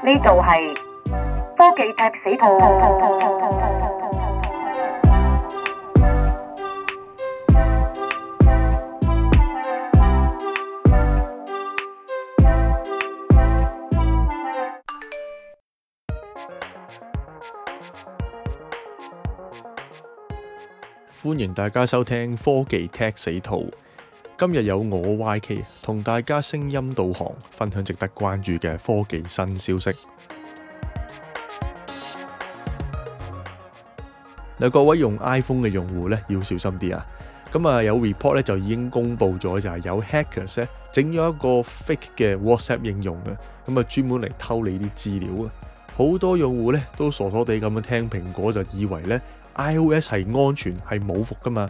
呢度係科技踢死兔，哦，歡迎大家收聽科技踢死兔。今日有我 YK 同大家聲音導航，分享值得關注嘅科技新消息。嗱， 各位用 iPhone 嘅用戶咧，要小心啲啊！咁啊，有 report 咧就已經公布咗，就係有 hackers 咧整咗一個 fake 嘅 WhatsApp 應用啊，咁啊專門嚟偷你啲資料啊！好多用戶咧都傻傻地咁樣聽蘋果就以為咧 iOS 係安全係冇服噶嘛。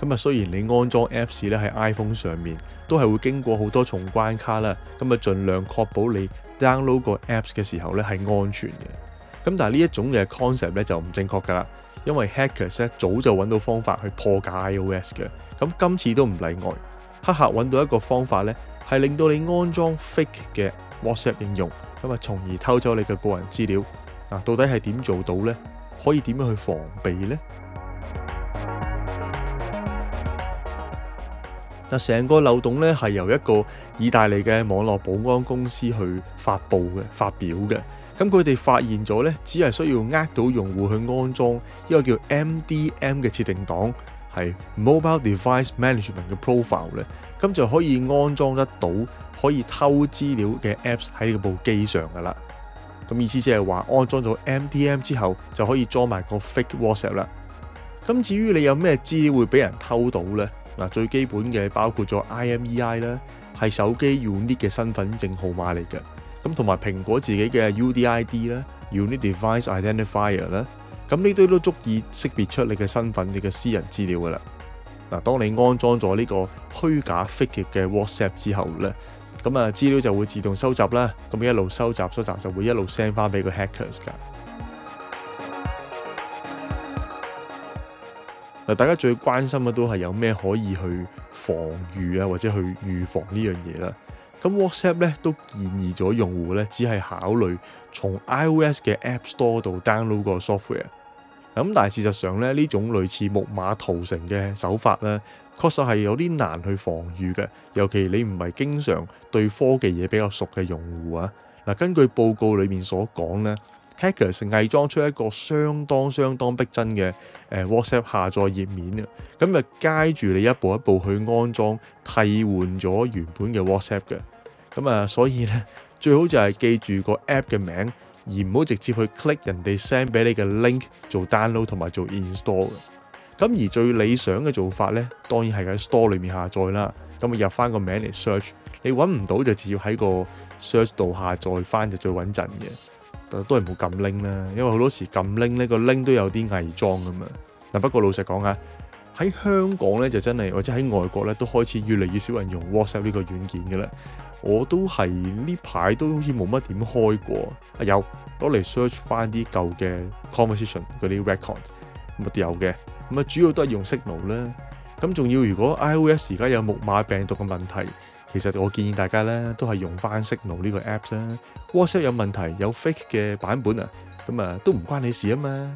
咁啊，雖然你安裝 Apps 咧喺 iPhone 上面，都係會經過好多重關卡啦。咁啊，儘量確保你 download 個 Apps 嘅時候咧係安全嘅。咁但係呢一種嘅 concept 咧就唔正確㗎啦，因為 hackers 咧早就揾到方法去破解 iOS 嘅。咁今次都唔例外，黑客揾到一個方法咧係令到你安裝 fake 嘅 WhatsApp 應用，咁啊，從而偷走你嘅個人資料。嗱，到底係點做到呢？可以點樣去防備呢？嗱，成個漏洞咧係由一個意大利嘅網絡保安公司去發布嘅，發表嘅。咁佢哋發現咗咧，只係需要呃到用戶去安裝一個叫 MDM 嘅設定檔，係 Mobile Device Management 嘅 profile 咧，咁就可以安裝得到可以偷資料嘅 apps 喺部機上噶啦。咁意思即係話，安裝咗 MDM 之後就可以裝埋個 fake WhatsApp 啦。咁至於你有咩資料會俾人偷到咧？嗱，最基本嘅包括咗 IMEI 啦，係手機 unique 嘅身份證號碼嚟嘅，咁同埋蘋果自己嘅 UDID 啦 Unique Device Identifier 啦，咁呢堆都足以識別出你嘅身份，你嘅私人資料噶啦。嗱，當你安裝咗呢個虛假 fake 嘅 WhatsApp 之後咧，咁啊資料就會自動收集啦，咁一路收集收集，收集就會一路 send 翻俾個 hackers 噶。大家最關心嘅都係有咩可以去防禦啊，或者去預防這件事呢樣嘢啦。咁 WhatsApp 咧都建議咗用戶咧，只係考慮從 iOS 嘅 App Store 度 download 個 software。咁但係事實上咧，呢種類似木馬屠城嘅手法咧，確實係有啲難去防禦嘅，尤其你唔係經常對科技嘢比較熟嘅用戶啊。嗱，根據報告裏面所講咧。Hackers 偽裝出一個相當相當逼真嘅 WhatsApp 下載頁面啊，咁就 guide 住你一步一步去安裝，替換咗原本嘅 WhatsApp 嘅。咁啊，所以咧最好就係記住個 app 嘅名，而唔好直接去 click 人哋 send 俾你嘅 link 做 download 同埋做 install 嘅。咁而最理想嘅做法咧，當然係喺 store 裏面下載啦。咁入翻個名嚟 search，你揾唔到就直接喺個 search 度下載翻就最穩陣嘅。都係唔好撳拎啦，因為好多時撳拎呢個拎都有啲偽裝㗎嘛。嗱不過老實講啊，喺香港呢就真係，或者喺外國呢都開始越嚟越少人用 WhatsApp 呢個軟件嘅啦。我都係呢排都好似冇乜點開過。啊有攞嚟 search 翻啲舊嘅 conversation 嗰啲 record，咁都有嘅，咁啊主要都係用 Signal 啦。咁仲要，如果 iOS 而家有木馬病毒嘅問題，其實我建議大家咧都係用返 Signal 呢個 Apps 啦。WhatsApp 有問題，有 fake 嘅版本啊，咁啊都唔關你事啊嘛。